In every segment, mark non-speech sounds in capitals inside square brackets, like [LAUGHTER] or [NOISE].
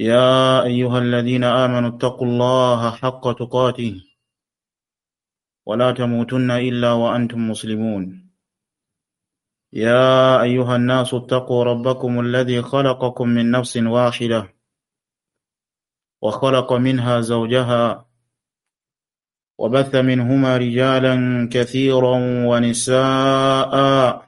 يا أيها الذين آمنوا اتقوا الله حق تقاته ولا تموتن إلا وأنتم مسلمون يا أيها الناس اتقوا ربكم الذي خلقكم من نفس واحدة وخلق منها زوجها وبث منهما رجالا كثيرا ونساءً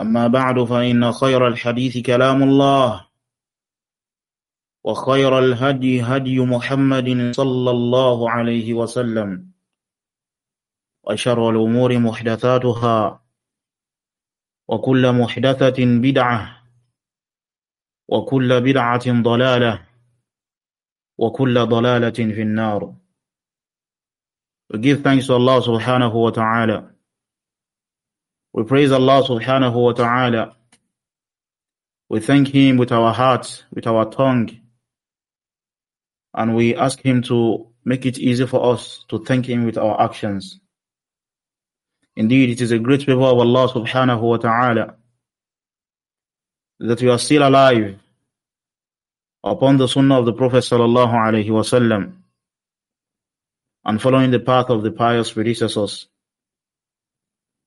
أما بعد فإن خير الحديث كلام الله وخير الهدي هدي محمد صلى الله عليه وسلم وشر الأمور محدثاتها وكل محدثة بدعة وكل بدعة ضلالة وكل ضلالة في النار We give thanks to Allah subhanahu wa ta'ala We praise Allah subhanahu wa ta'ala. We thank Him with our hearts, with our tongue, and we ask Him to make it easy for us to thank Him with our actions. Indeed, it is a great favor of Allah subhanahu wa ta'ala that we are still alive upon the sunnah of the Prophet sallallahu alayhi wa sallam and following the path of the pious predecessors.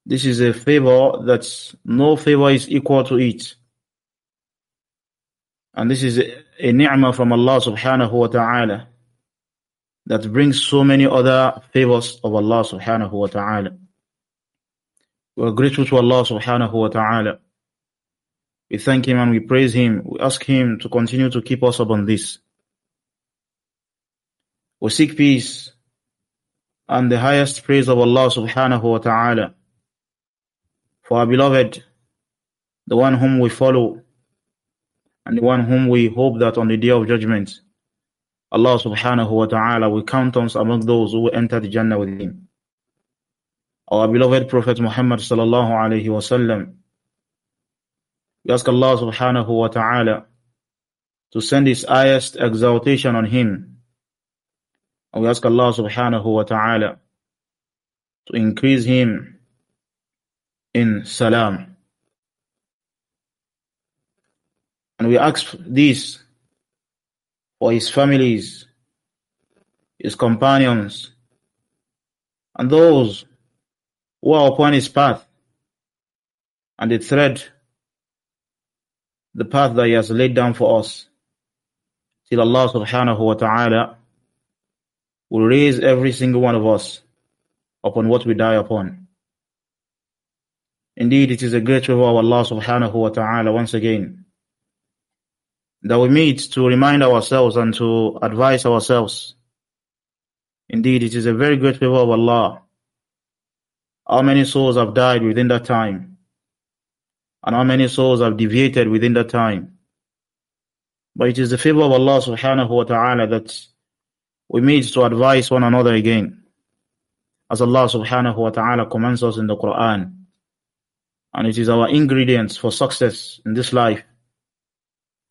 This is a favor that no favor is equal to it. And this is a, a ni'mah from Allah subhanahu wa ta'ala that brings so many other favors of Allah subhanahu wa ta'ala. We are grateful to Allah subhanahu wa ta'ala. We thank Him and we praise Him. We ask Him to continue to keep us upon this. We seek peace and the highest praise of Allah subhanahu wa ta'ala. For our beloved, the one whom we follow, and the one whom we hope that on the day of judgment, Allah subhanahu wa ta'ala will count us among those who will enter the Jannah with him. Our beloved Prophet Muhammad sallallahu alayhi wa sallam, we ask Allah subhanahu wa ta'ala to send his highest exaltation on him. And we ask Allah subhanahu wa ta'ala to increase him in Salam. And we ask this for his families, his companions, and those who are upon his path and the thread, the path that he has laid down for us. Till Allah subhanahu wa ta'ala will raise every single one of us upon what we die upon. Indeed, it is a great favor of Allah subhanahu wa ta'ala once again that we meet to remind ourselves and to advise ourselves. Indeed, it is a very great favor of Allah. How many souls have died within that time? And how many souls have deviated within that time? But it is the favor of Allah subhanahu wa ta'ala that we meet to advise one another again. As Allah subhanahu wa ta'ala commands us in the Quran and it is our ingredients for success in this life,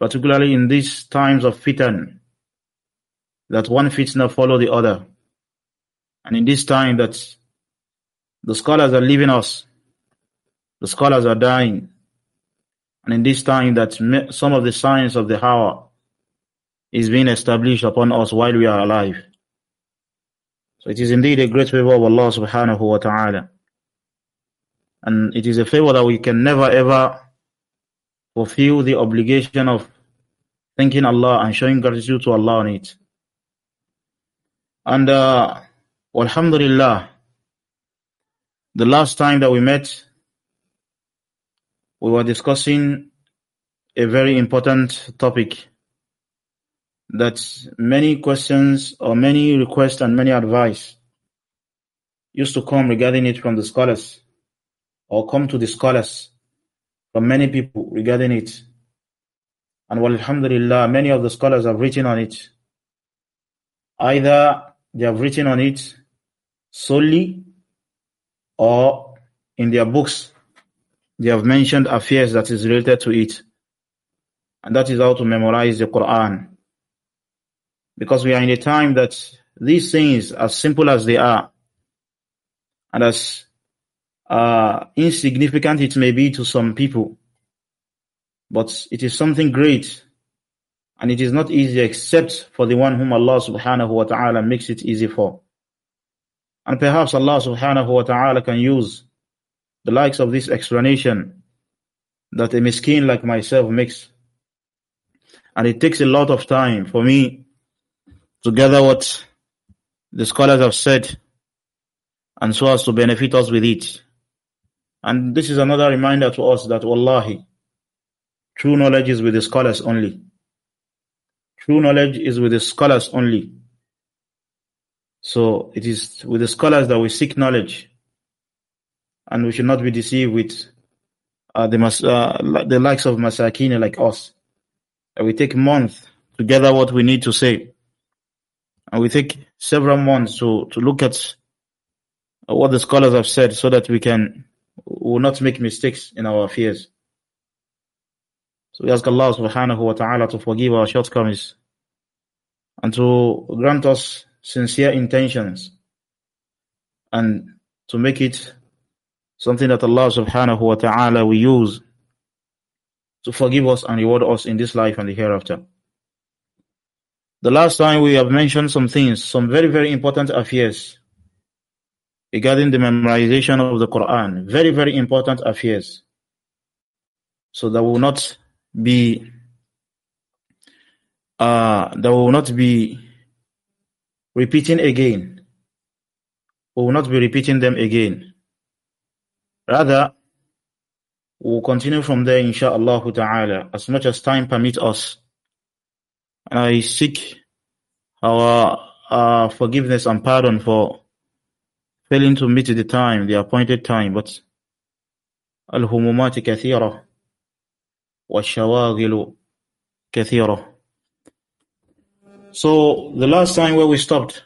particularly in these times of fitan, that one fitna follow the other. And in this time that the scholars are leaving us, the scholars are dying, and in this time that some of the science of the hour is being established upon us while we are alive. So it is indeed a great favor of Allah subhanahu wa ta'ala and it is a favor that we can never ever fulfill the obligation of thanking Allah and showing gratitude to Allah on it. And uh, Alhamdulillah, the last time that we met, we were discussing a very important topic that many questions or many requests and many advice used to come regarding it from the scholars or come to the scholars from many people regarding it. And alhamdulillah, many of the scholars have written on it. Either they have written on it solely or in their books they have mentioned affairs that is related to it. And that is how to memorize the Quran. Because we are in a time that these things, as simple as they are, and as uh, insignificant it may be to some people, but it is something great. And it is not easy except for the one whom Allah subhanahu wa ta'ala makes it easy for. And perhaps Allah subhanahu wa ta'ala can use the likes of this explanation that a miskin like myself makes. And it takes a lot of time for me to gather what the scholars have said and so as to benefit us with it. And this is another reminder to us that wallahi, true knowledge is with the scholars only. True knowledge is with the scholars only. So it is with the scholars that we seek knowledge. And we should not be deceived with uh, the, uh, the likes of Masakina like us. And we take months to gather what we need to say. And we take several months to, to look at what the scholars have said so that we can will not make mistakes in our affairs. So we ask Allah subhanahu wa ta'ala to forgive our shortcomings and to grant us sincere intentions and to make it something that Allah subhanahu wa ta'ala will use to forgive us and reward us in this life and the hereafter. The last time we have mentioned some things, some very, very important affairs regarding the memorization of the Quran. Very, very important affairs. So there will not be uh, there will not be repeating again. We will not be repeating them again. Rather, we'll continue from there, insha'Allah ta'ala, as much as time permits us. And I seek our uh, forgiveness and pardon for failing to meet the time, the appointed time, but الهمومات kathira والشواغل kathira. So the last time where we stopped,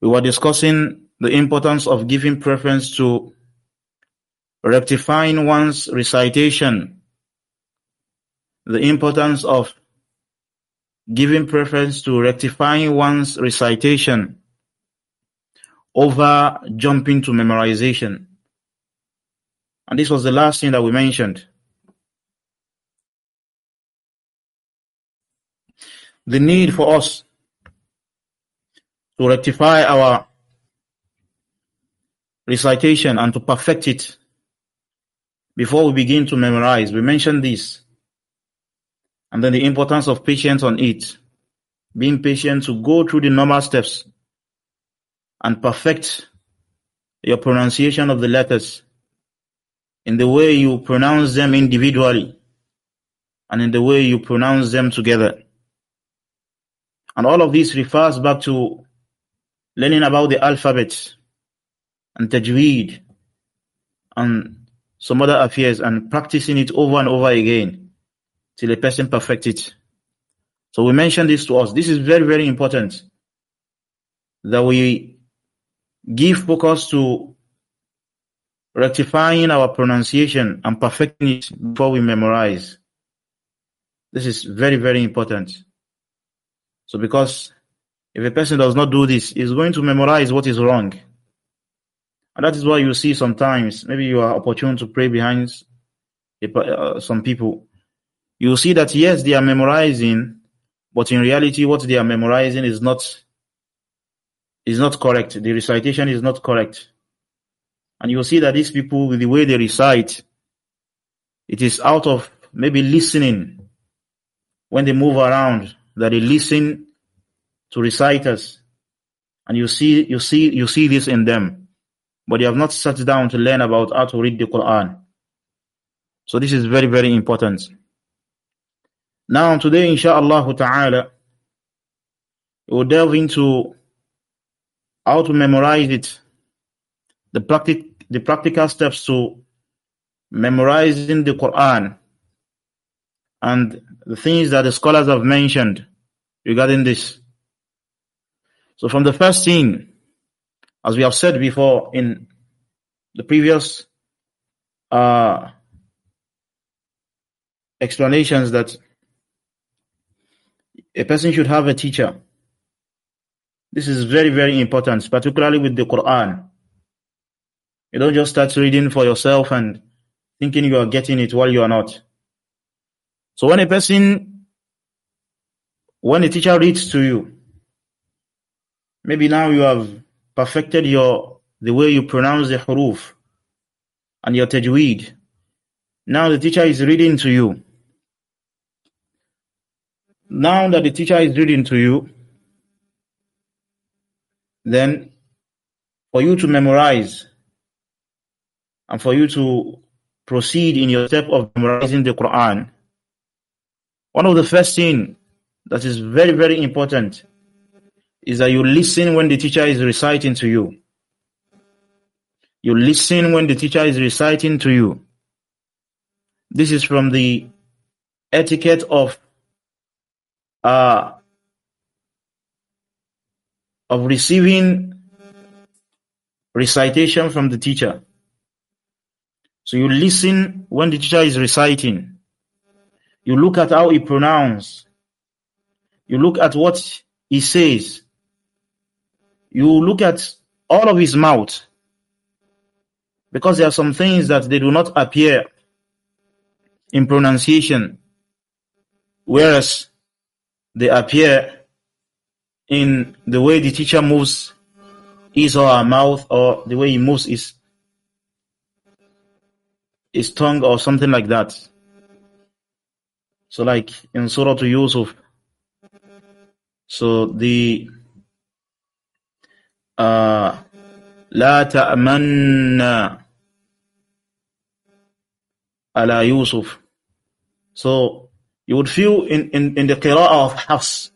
we were discussing the importance of giving preference to rectifying one's recitation, the importance of giving preference to rectifying one's recitation over jumping to memorization. And this was the last thing that we mentioned. The need for us to rectify our recitation and to perfect it before we begin to memorize. We mentioned this. And then the importance of patience on it. Being patient to go through the normal steps and perfect your pronunciation of the letters in the way you pronounce them individually and in the way you pronounce them together. And all of this refers back to learning about the alphabet and tajweed and some other affairs and practicing it over and over again till a person perfects it. So we mentioned this to us. This is very, very important that we give focus to rectifying our pronunciation and perfecting it before we memorize. This is very, very important. So because if a person does not do this, he's going to memorize what is wrong. And that is why you see sometimes, maybe you are opportune to pray behind uh, some people. You see that yes, they are memorizing, but in reality, what they are memorizing is not is not correct. The recitation is not correct. And you'll see that these people, the way they recite, it is out of maybe listening. When they move around, that they listen to reciters. And you see, you see, you see this in them. But they have not sat down to learn about how to read the Quran. So this is very, very important. Now today, inshallah ta'ala, we'll delve into how to memorize it, the, practic- the practical steps to memorizing the Quran, and the things that the scholars have mentioned regarding this. So from the first thing, as we have said before in the previous uh, explanations that a person should have a teacher this is very, very important, particularly with the Quran. You don't just start reading for yourself and thinking you are getting it while you are not. So when a person, when a teacher reads to you, maybe now you have perfected your, the way you pronounce the huruf and your tajweed. Now the teacher is reading to you. Now that the teacher is reading to you, then for you to memorize and for you to proceed in your step of memorizing the Quran. One of the first thing that is very, very important is that you listen when the teacher is reciting to you. You listen when the teacher is reciting to you. This is from the etiquette of uh, of receiving recitation from the teacher. So you listen when the teacher is reciting. You look at how he pronounces. You look at what he says. You look at all of his mouth. Because there are some things that they do not appear in pronunciation, whereas they appear in the way the teacher moves his or her mouth or the way he moves his his tongue or something like that. So like in Surah to Yusuf, so the uh لا تأمنا على يوسف so you would feel in, in, in the qira'ah of Hafs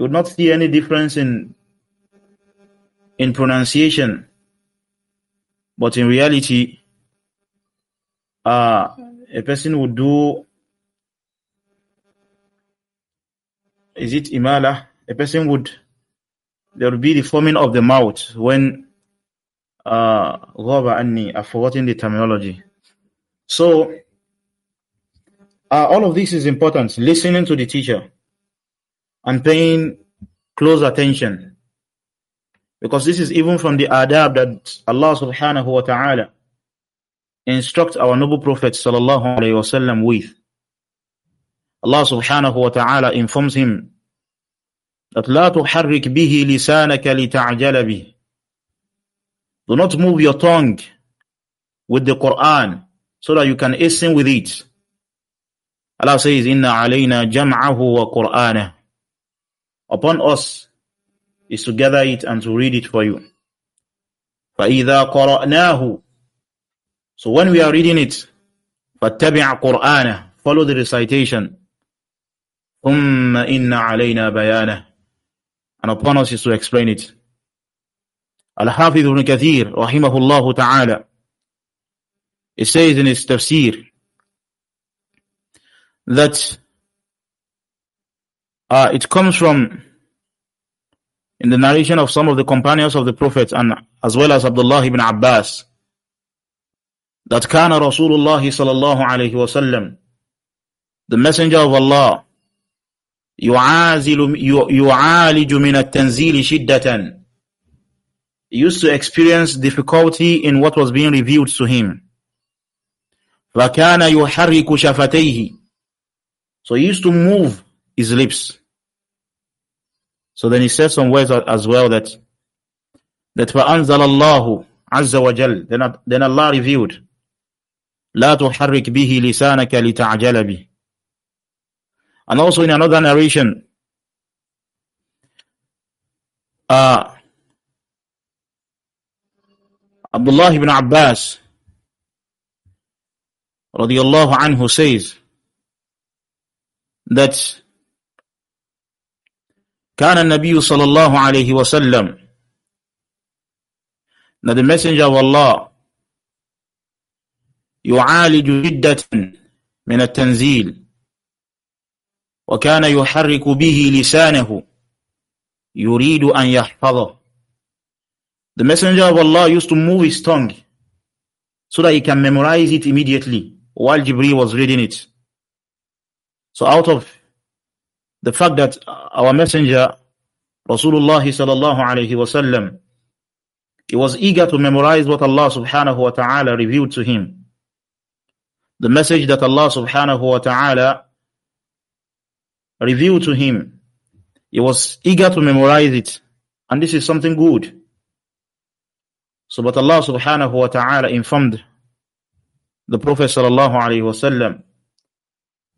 you would not see any difference in in pronunciation. But in reality, uh, a person would do is it imala? A person would there would be the forming of the mouth when uh anni. are have forgotten the terminology. So uh, all of this is important. Listening to the teacher and paying close attention. Because this is even from the adab that Allah subhanahu wa ta'ala instructs our noble prophet sallallahu alayhi wa sallam with. Allah subhanahu wa ta'ala informs him that لا تحرك به لسانك لتعجل به Do not move your tongue with the Quran so that you can hasten with it. Allah says, إِنَّ عَلَيْنَا جَمْعَهُ وَقُرْآنَهُ Upon us is to gather it and to read it for you. فَإِذَا قَرَأْنَاهُ So when we are reading it, فَاتَّبِعْ قُرْآنَ Follow the recitation. ثُمَّ إِنَّ عَلَيْنَا بَيَانَهُ And upon us is to explain it. Al-Hafiz ibn Kathir, rahimahullah ta'ala, it says in his tafsir that uh, it comes from in the narration of some of the companions of the Prophet and as well as Abdullah ibn Abbas that kana Rasulullah sallallahu صلى الله عليه وسلم the messenger of Allah يعازل يعالج من التنزيل شدة used to experience difficulty in what was being revealed to him فكان يحرك شفتيه so he used to move his lips so then he says some words as well that that فَأَنْزَلَ Azza wa وَجَلَّ then, then Allah revealed لَا تُحَرِّكْ بِهِ لِسَانَكَ لِتَعْجَلَ بِهِ And also in another narration uh, Abdullah ibn Abbas radiallahu anhu says that كان النبي صلى الله عليه وسلم that the messenger of Allah يعالج جدة من التنزيل وكان يحرك به لسانه يريد أن يحفظه The messenger of Allah used to move his tongue so that he can memorize it immediately while Jibreel was reading it. So out of the fact that our messenger Rasulullah sallallahu alayhi he was eager to memorize what Allah subhanahu wa ta'ala revealed to him the message that Allah subhanahu wa ta'ala revealed to him he was eager to memorize it and this is something good so but Allah subhanahu wa ta'ala informed the prophet sallallahu alayhi wasallam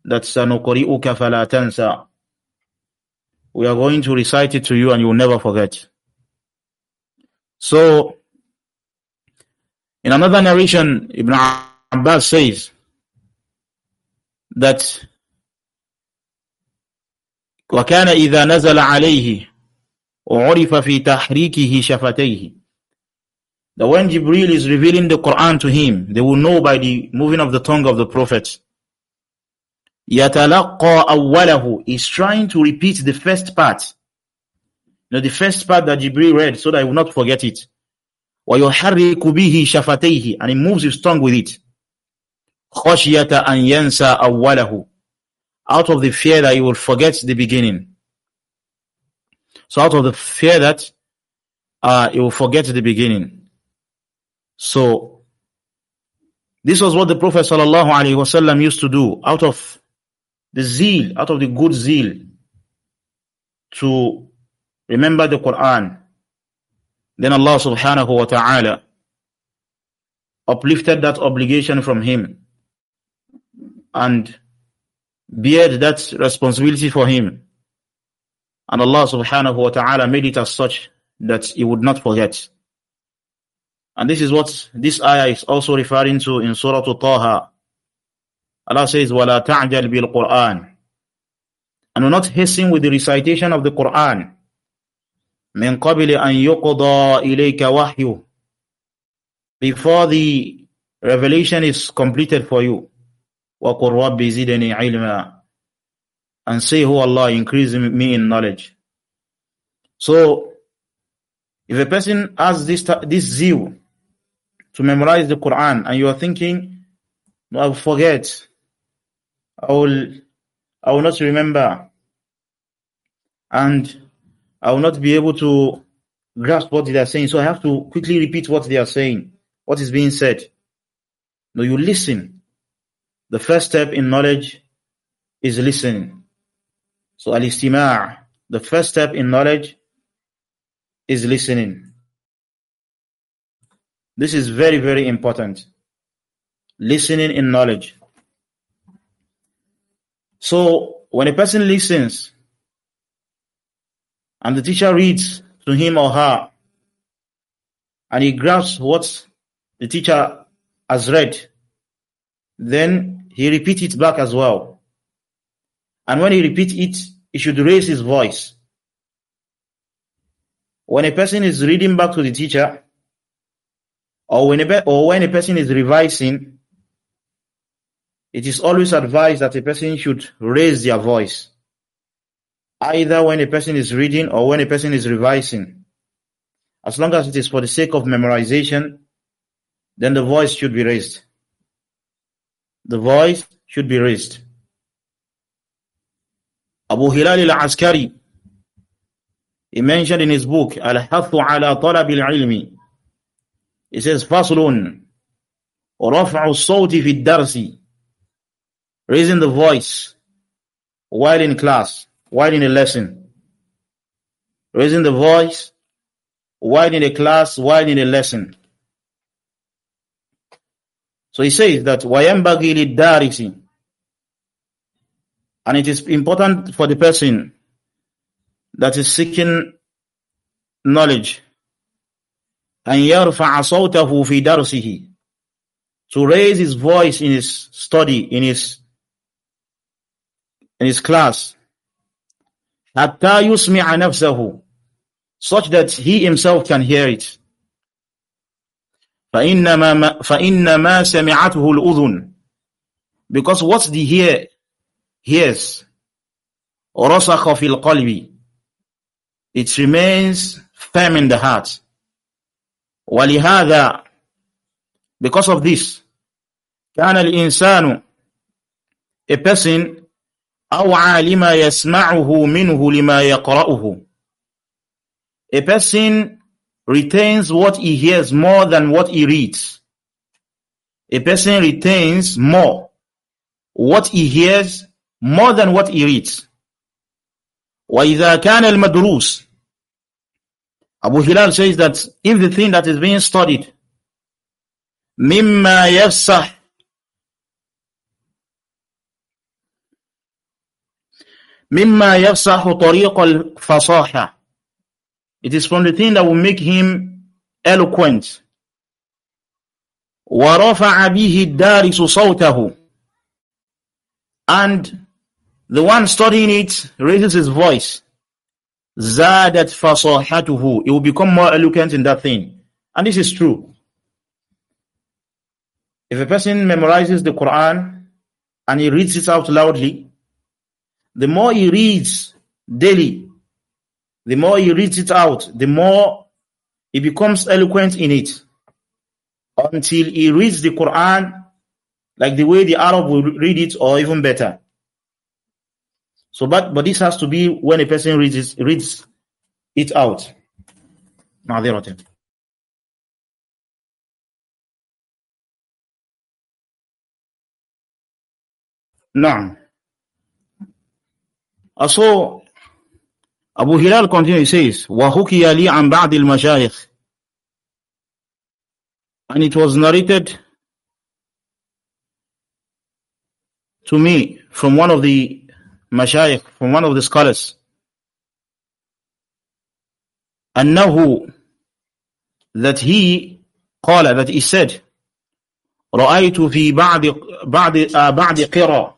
that sanuqri'uka fala tansa we are going to recite it to you and you will never forget. So, in another narration, Ibn Abbas says that وكان إذا نزل عليه وعرف في تحريكه شفتيه That when Jibril is revealing the Quran to him, they will know by the moving of the tongue of the Prophet يَتَلَقَّى awwalahu is trying to repeat the first part. You know, the first part that Jibril read so that I will not forget it. وَيُحَرِّكُ bihi شَفَتَيْهِ And he moves his tongue with it. خَشْيَةَ an yansa awwalahu, Out of the fear that he will forget the beginning. So out of the fear that uh, he will forget the beginning. So this was what the Prophet sallallahu alaihi wasallam used to do out of the zeal, out of the good zeal to remember the Quran. Then Allah subhanahu wa ta'ala uplifted that obligation from him and beared that responsibility for him. And Allah subhanahu wa ta'ala made it as such that he would not forget. And this is what this ayah is also referring to in Surah Taha, Allah says, وَلَا تَعْجَلْ بِالْقُرْآنِ And not hasten with the recitation of the Qur'an. مِنْ قَبِلِ أَنْ يُقْضَى إِلَيْكَ وَحْيُ Before the revelation is completed for you. وَقُلْ رَبِّ زِدَنِي عِلْمًا And say, who oh Allah, increase me in knowledge. So, if a person has this, this zeal to memorize the Qur'an and you are thinking, "I'll forget, I will, I will not remember and I will not be able to grasp what they are saying. So I have to quickly repeat what they are saying, what is being said. No, you listen. The first step in knowledge is listening. So al the first step in knowledge is listening. This is very, very important. Listening in knowledge. So when a person listens and the teacher reads to him or her and he grasps what the teacher has read, then he repeats it back as well. And when he repeats it, he should raise his voice. When a person is reading back to the teacher, or when a, or when a person is revising, it is always advised that a person should raise their voice, either when a person is reading or when a person is revising. As long as it is for the sake of memorization, then the voice should be raised. The voice should be raised. Abu Hilal al-Askari, he mentioned in his book, Al-Hathu ala talab al-ilmi. He says, Faslun, رفع الصوت في الدرس Raising the voice while in class, while in a lesson. Raising the voice while in a class, while in a lesson. So he says that wayambagili darisi, And it is important for the person that is seeking knowledge and yarfa sawtahu fi darsihi to raise his voice in his study in his in his class. حَتَّى يُسْمِعَ نَفْسَهُ Such that he himself can hear it. فَإِنَّمَا, فإنما سَمِعَتْهُ الْأُذُنُ Because what the hear? hears, رَسَخَ فِي الْقَلْبِ It remains firm in the heart. وَلِهَذَا Because of this, كَانَ الْإِنسَانُ A person أوعى لما يسمعه منه لما يقرأه A person retains what he hears more than what he reads. A person retains more what he hears more than what he reads. وَإِذَا كَانَ الْمَدْرُوسِ Abu Hilal says that if the thing that is being studied مِمَّا يَفْسَحْ Mimma yafsahu tariq al-fasaha. It is from the thing that will make him eloquent. And the one studying it raises his voice. It will become more eloquent in that thing. And this is true. If a person memorizes the Quran and he reads it out loudly, the more he reads daily, the more he reads it out, the more he becomes eloquent in it until he reads the Quran like the way the Arab will read it or even better. So, but, but this has to be when a person reads it, reads it out. معذرة نعم and so Abu Hilal continues, he says, وَهُكِيَ لِي عَنْ بَعْدِ الْمَشَايِخِ And it was narrated to me from one of the mashayikh, from one of the scholars, أَنَّهُ That he, قال, that he said, رَأَيْتُ فِي بعض بعض uh, بعد قِرَى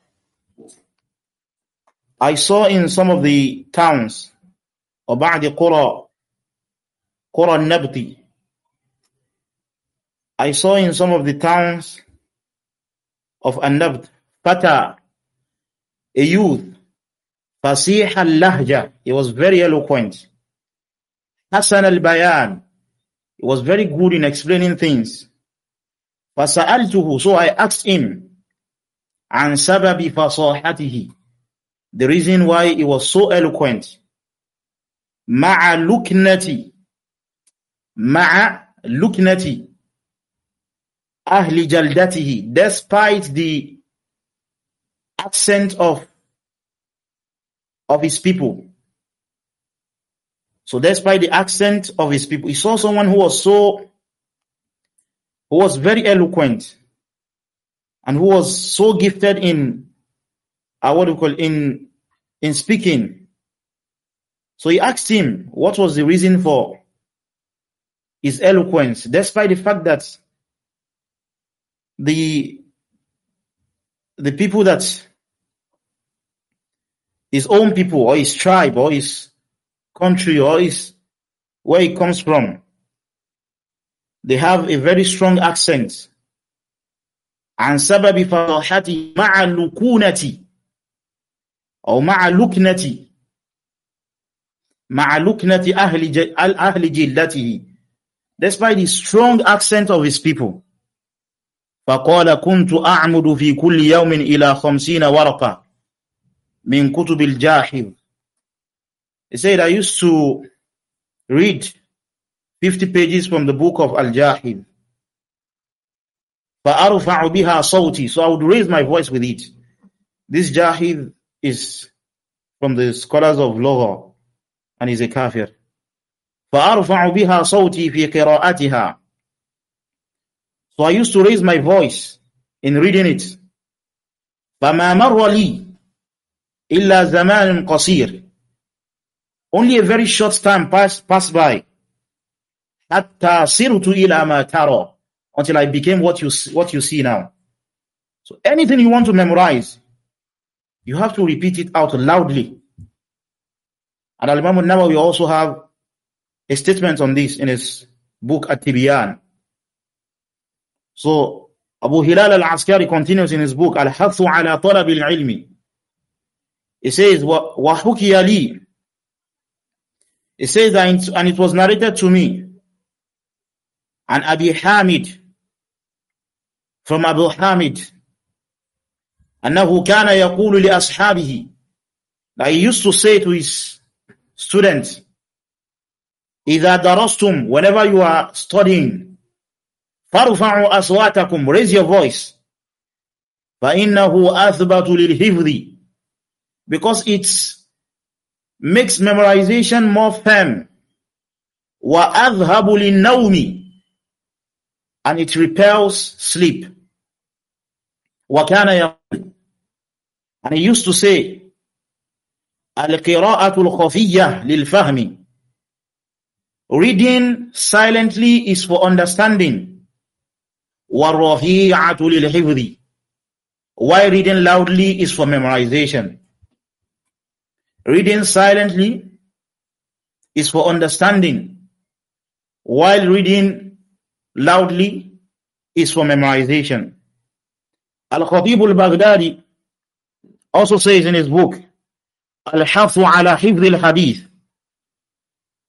I saw in some of the towns of قرى قرى Nabti. I saw in some of the towns of النبت فتى a youth فصيح اللهجة he was very eloquent al Bayan. he was very good in explaining things فسألته so I asked him An سبب فصاحته the reason why he was so eloquent. Ma'a luknati. Ma'a luknati. Ahli jaldatihi. Despite the accent of, of his people. So despite the accent of his people, he saw someone who was so, who was very eloquent and who was so gifted in uh, what we call in in speaking. So he asked him what was the reason for his eloquence, despite the fact that the the people that his own people or his tribe or his country or his where he comes from they have a very strong accent and سبب فضحتي ma لكونتي أو مع لكنة مع ahli أهل أهل جلته despite the strong accent of his people فقال كنت أعمد في كل يوم إلى خمسين ورقة من كتب الجاحظ He said, I used to read 50 pages from the book of Al-Jahil. فَأَرُفَعُ بِهَا صَوْتِي So I would raise my voice with it. This Jahil is from the scholars of Lugha and is a kafir. فَأَرْفَعُ بِهَا صَوْتِي فِي قِرَاءَتِهَا So I used to raise my voice in reading it. فَمَا مَرَّ لِي إِلَّا زَمَانٌ قَصِيرٌ Only a very short time passed, passed by. حَتَّى صِرْتُ إِلَى مَا تَرَى Until I became what you, what you see now. So anything you want to memorize, you have to repeat it out loudly. And Al-Imam al-Nawawi also have a statement on this in his book At-Tibiyan. So Abu Hilal al-Askari continues in his book Al-Hathu ala talab al-ilmi. He says, وَحُكِيَ لِي It says, that, and it was narrated to me, and Abi Hamid, from Abu Hamid, أنه كان يقول لأصحابه that he used to say to his students إذا درستم whenever you are studying فارفعوا أصواتكم raise your voice فإنه أثبت للحفظ because it makes memorization more firm وأذهب للنوم and it repels sleep وكان and he used to say, Al-qira'atul khafiyyah lil-fahmi. Reading silently is for understanding. وَالرَّفِيعَةُ لِلْحِفْظِ Why reading loudly is for memorization. Reading silently is for understanding. While reading loudly is for memorization. Al-Khatib al-Baghdadi also says in his book, Al-Hafu ala hifzi al-hadith.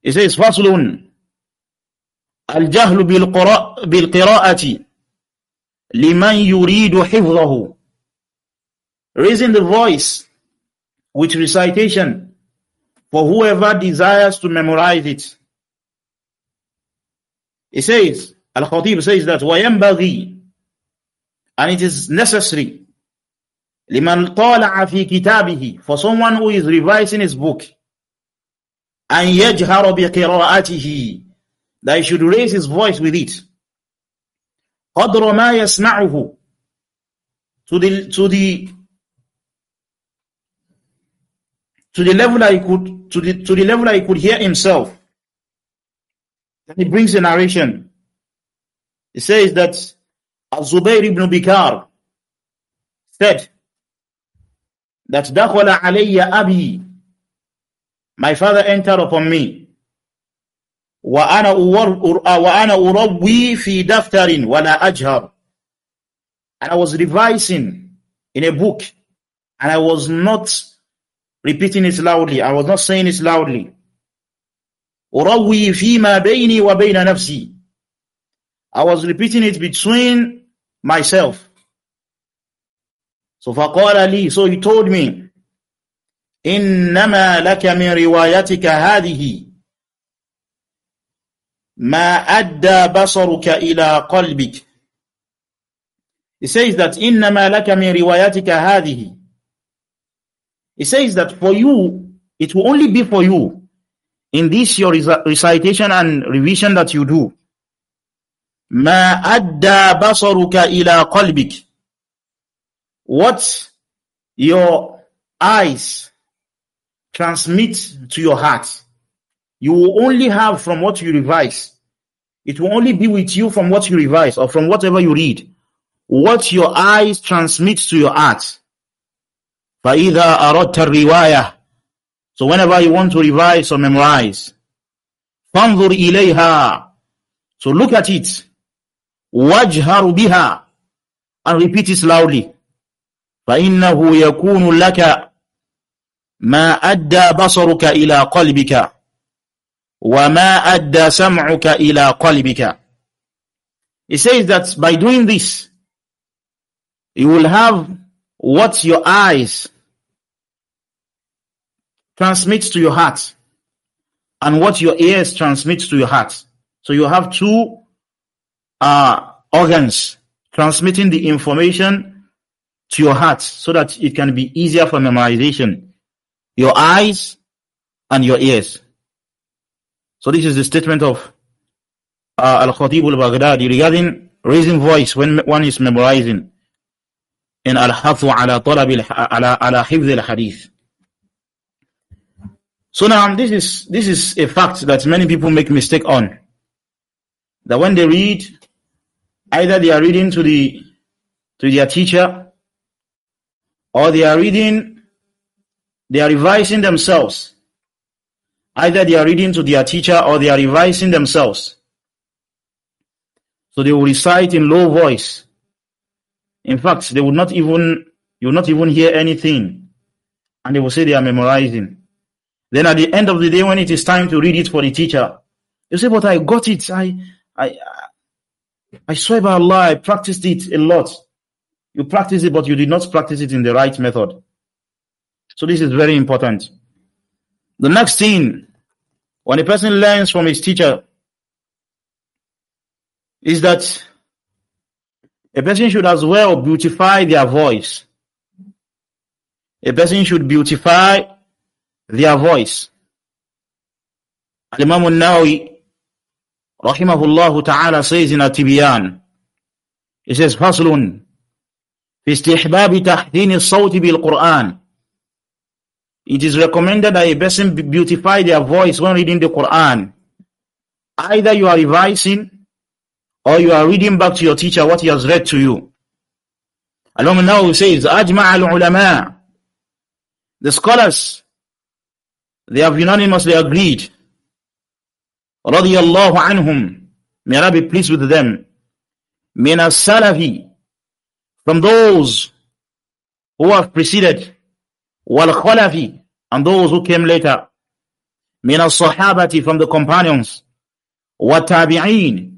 He says, Faslun, al-jahlu bil-qira'ati liman yuridu hifzahu. Raising the voice with recitation for whoever desires to memorize it. He says, Al-Khatib says that, وَيَنْبَغِي And it is necessary لمن طالع في كتابه for someone who is revising his book أن يجهر بقراءته that he should raise his voice with it قدر ما يسمعه to the to the to the level that he could to the to the level that he could hear himself then he brings a narration he says that Zubair ibn Bikar said that dakhala alayya abi my father entered upon me wa ana uh, wa ana urabwi fi daftarin wa la ajhar and i was revising in a book and i was not repeating it loudly i was not saying it loudly urabwi fi ma bayni wa bayna nafsi i was repeating it between myself so he told me inna ma laka min riwayatika hadhihi ma adda basaruka ila qalbik He says that inna ma laka min riwayatika hadhihi He says that for you it will only be for you in this your recitation and revision that you do ma adda basaruka ila qalbik what your eyes transmit to your heart, you will only have from what you revise. It will only be with you from what you revise or from whatever you read. What your eyes transmit to your heart. So whenever you want to revise or memorize, فَانْظُرْ إِلَيْهَا So look at it. وَاجْهَرُ بِهَا And repeat it loudly. فإنه يكون لك ما أدى بصرك إلى قلبك وما أدى سمعك إلى قلبك He says that by doing this, you will have what your eyes transmits to your heart and what your ears transmits to your heart. So you have two uh, organs transmitting the information to your heart so that it can be easier for memorization. Your eyes and your ears. So this is the statement of uh, Al-Khatib al-Baghdadi regarding raising voice when one is memorizing in Al-Hathu ala talab ala, ala hifz al-hadith. So now this is this is a fact that many people make mistake on. That when they read, either they are reading to the to their teacher or they are reading, they are revising themselves. Either they are reading to their teacher or they are revising themselves. So they will recite in low voice. In fact, they will not even, you will not even hear anything. And they will say they are memorizing. Then at the end of the day, when it is time to read it for the teacher, you say, but I got it. I, I, I swear by Allah, I practiced it a lot. You practice it, but you did not practice it in the right method. So this is very important. The next thing, when a person learns from his teacher, is that a person should as well beautify their voice. A person should beautify their voice. Al-Imam al-Nawi, rahimahullahu ta'ala, says in At-Tibiyan, he says, فَصْلٌ في استحباب تحسين الصوت بالقرآن. It is recommended that a person beautify their voice when reading the Quran. Either you are revising or you are reading back to your teacher what he has read to you. Along now he says, أجمع ulama The scholars, they have unanimously agreed. رضي الله عنهم. May Allah be pleased with them. من السلف from those who have preceded والخلف and those who came later من الصحابة from the companions والتابعين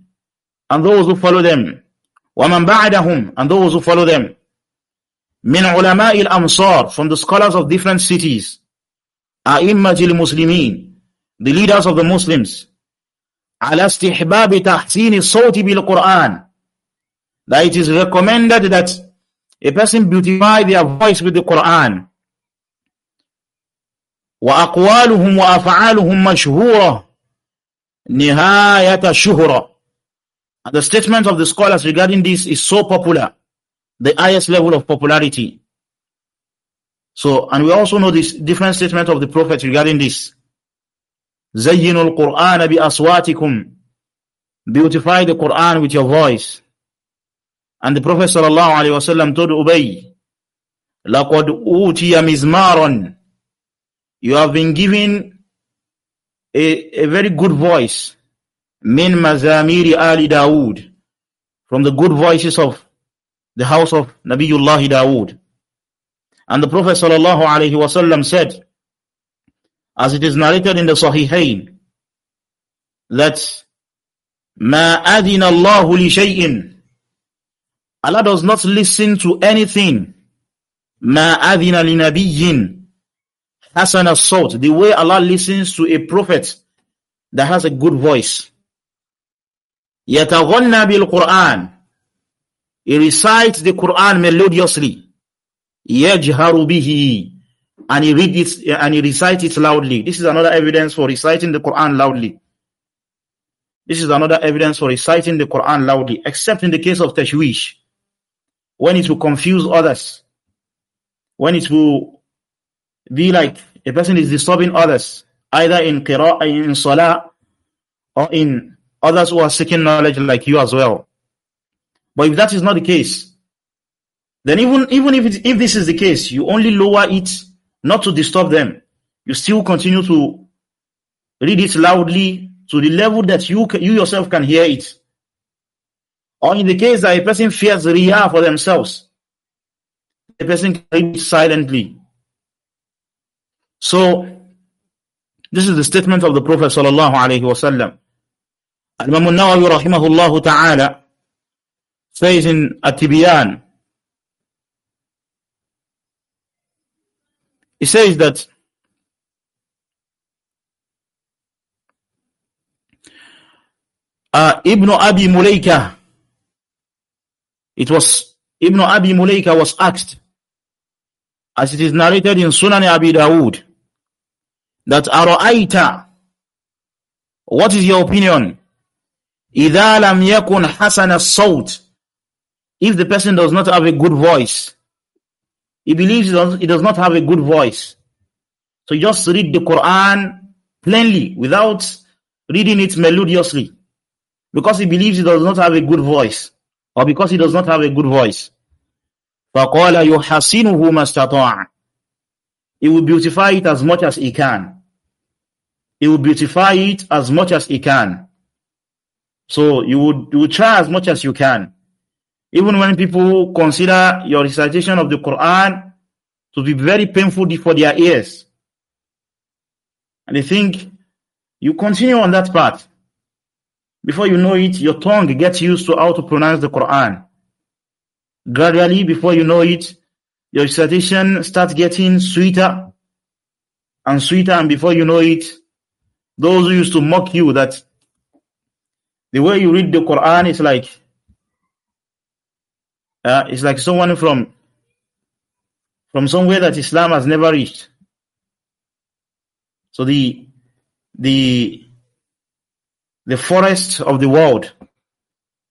and those who follow them ومن بعدهم and those who follow them من علماء الأمصار from the scholars of different cities أئمة المسلمين the leaders of the Muslims على استحباب تحسين الصوت بالقرآن that it is recommended that a person beautify their voice with the Quran. وأقوالهم وأفعالهم مشهورة نهاية شهرة And the statement of the scholars regarding this is so popular, the highest level of popularity. So, and we also know this different statement of the Prophet regarding this. زينوا القرآن بأصواتكم Beautify the Quran with your voice. And the Prophet sallallahu alaihi wasallam told Ubay, "Laqad utiya mizmaran. You have been given a, a very good voice. min mazamiri آلِ Dawood From the good voices of the house of Nabiullah Dawood. And the Prophet sallallahu alaihi wasallam said, as it is narrated in the Sahihain, that مَا أَذِنَ اللَّهُ لِشَيْءٍ Allah does not listen to anything. مَا أَذِنَ لِنَبِيٍّ حَسَنَ الصَّوْتِ The way Allah listens to a prophet that has a good voice. يَتَغَنَّ quran He recites the Quran melodiously. يَجْهَرُ بِهِ And he reads it and he recites it loudly. This is another evidence for reciting the Quran loudly. This is another evidence for reciting the Quran loudly, except in the case of tashwish when it will confuse others, when it will be like a person is disturbing others, either in qira'ah, in salah, or in others who are seeking knowledge like you as well. But if that is not the case, then even, even if, it, if this is the case, you only lower it not to disturb them. You still continue to read it loudly to the level that you, you yourself can hear it. Or in the case that a person fears riyah for themselves, the person can read silently. So, this is the statement of the Prophet sallallahu alaihi wasallam. Imam al-Nawawi rahimahullah ta'ala says in At-Tibyan, he says that uh, Ibn Abi Mulaykah it was Ibn Abi Mulaika was asked, as it is narrated in Sunan Abi Dawud, that Ara'aita, what is your opinion? إِذَا لَمْ يَكُنْ حَسَنَ الصَّوْتِ If the person does not have a good voice, he believes he does not have a good voice. So just read the Quran plainly without reading it melodiously because he believes he does not have a good voice or because he does not have a good voice. فَقَالَ He will beautify it as much as he can. He will beautify it as much as he can. So you would, you would try as much as you can. Even when people consider your recitation of the Quran to be very painful for their ears. And they think, you continue on that path. Before you know it, your tongue gets used to how to pronounce the Quran. Gradually, before you know it, your recitation starts getting sweeter and sweeter. And before you know it, those who used to mock you that the way you read the Quran is like, uh, it's like someone from, from somewhere that Islam has never reached. So the, the, the forests of the world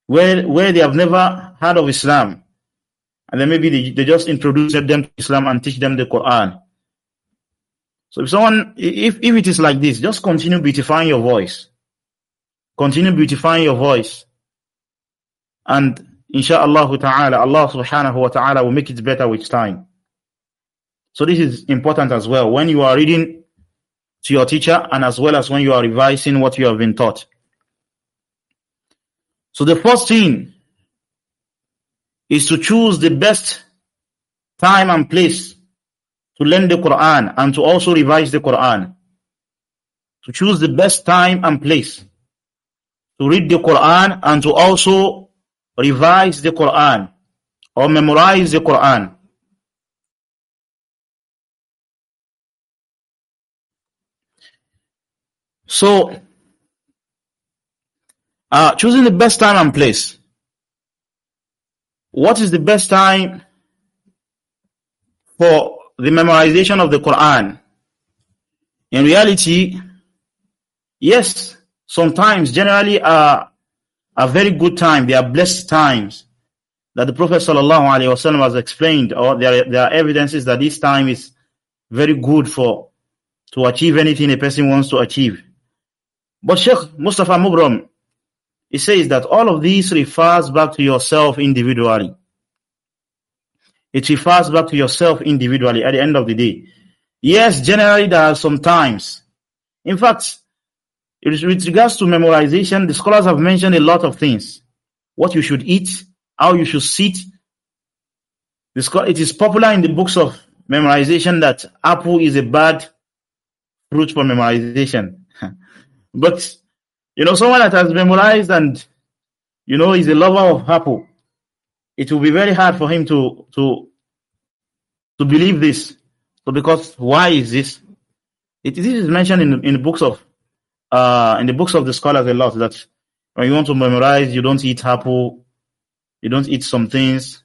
where, where they have never heard of Islam. And then maybe they, they just introduce them to Islam and teach them the Quran. So if someone, if, if it is like this, just continue beautifying your voice. Continue beautifying your voice. And inshallah ta'ala, Allah subhanahu wa ta'ala will make it better with time. So this is important as well. When you are reading to your teacher and as well as when you are revising what you have been taught. So the first thing is to choose the best time and place to learn the Quran and to also revise the Quran. To choose the best time and place to read the Quran and to also revise the Quran or memorize the Quran. So uh, choosing the best time and place. What is the best time for the memorization of the Quran? In reality, yes, sometimes generally are uh, a very good time. They are blessed times that the Prophet sallallahu has explained, or there are, there are evidences that this time is very good for to achieve anything a person wants to achieve. But Sheikh Mustafa Mubram it says that all of this refers back to yourself individually. It refers back to yourself individually at the end of the day. Yes, generally there are some times. In fact, with regards to memorization, the scholars have mentioned a lot of things. What you should eat, how you should sit. It is popular in the books of memorization that apple is a bad fruit for memorization. [LAUGHS] but you know, someone that has memorized and, you know, is a lover of apple, it will be very hard for him to, to, to believe this. So because why is this? It, this is mentioned in, in the books of, uh, in the books of the scholars a lot that when you want to memorize, you don't eat apple, you don't eat some things.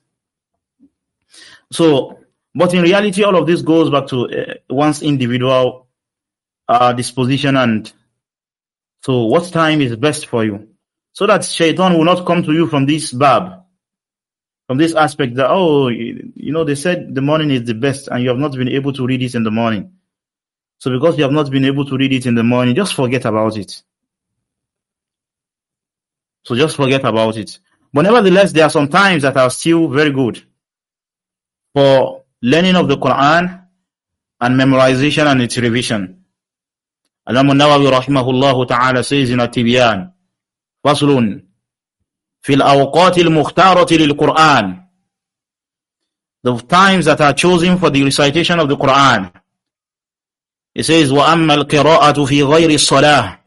So, but in reality, all of this goes back to uh, one's individual uh, disposition and so what time is best for you? So that shaitan will not come to you from this bab, from this aspect that, oh, you know, they said the morning is the best and you have not been able to read it in the morning. So because you have not been able to read it in the morning, just forget about it. So just forget about it. But nevertheless, there are some times that are still very good for learning of the Quran and memorization and its revision. الإمام النووي رحمه الله تعالى سيزنا تبيان فصل في الأوقات المختارة للقرآن The times that are chosen for the recitation of the Quran He says وَأَمَّا الْقِرَاءَةُ فِي غَيْرِ الصَّلَاةِ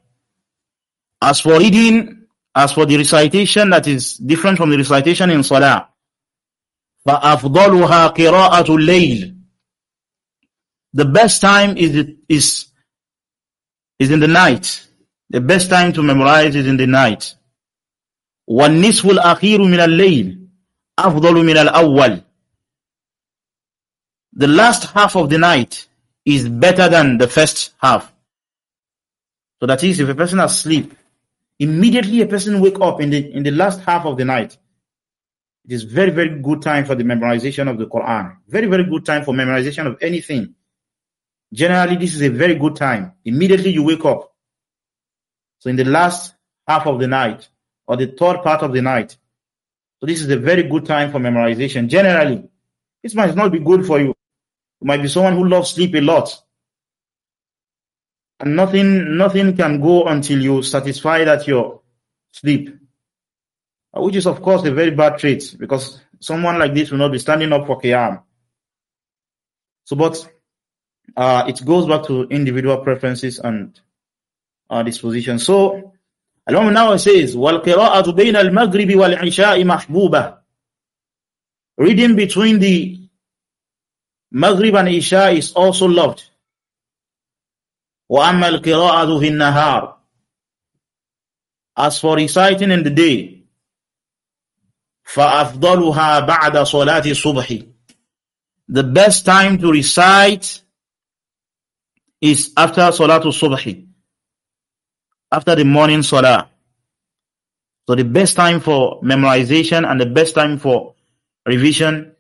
As for reading, as for the recitation that is different from the recitation in Salah فَأَفْضَلُهَا قِرَاءَةُ اللَّيْلِ The best time is, is is in the night. The best time to memorize is in the night. والنصف الأخير من الليل أفضل من الأول. The last half of the night is better than the first half. So that is, if a person sleep, immediately a person wake up in the in the last half of the night. It is very very good time for the memorization of the Quran. Very very good time for memorization of anything. Generally, this is a very good time. Immediately you wake up. So in the last half of the night or the third part of the night. So this is a very good time for memorization. Generally, this might not be good for you. You might be someone who loves sleep a lot. And nothing, nothing can go until you satisfy that your sleep. Uh, which is of course a very bad trait because someone like this will not be standing up for Qiyam. So, but uh, it goes back to individual preferences and uh, disposition. So, al now says, وَالْقِرَاءَةُ بَيْنَ الْمَغْرِبِ وَالْعِشَاءِ مَحْبُوبَةً Reading between the Maghrib and Isha is also loved. وَأَمَّا الْقِرَاءَةُ فِي النَّهَارِ As for reciting in the day, فَأَفْضَلُهَا بَعْدَ صَلَاةِ الصُّبْحِ The best time to recite is after Salatul Subhi, after the morning Salah. So the best time for memorization and the best time for revision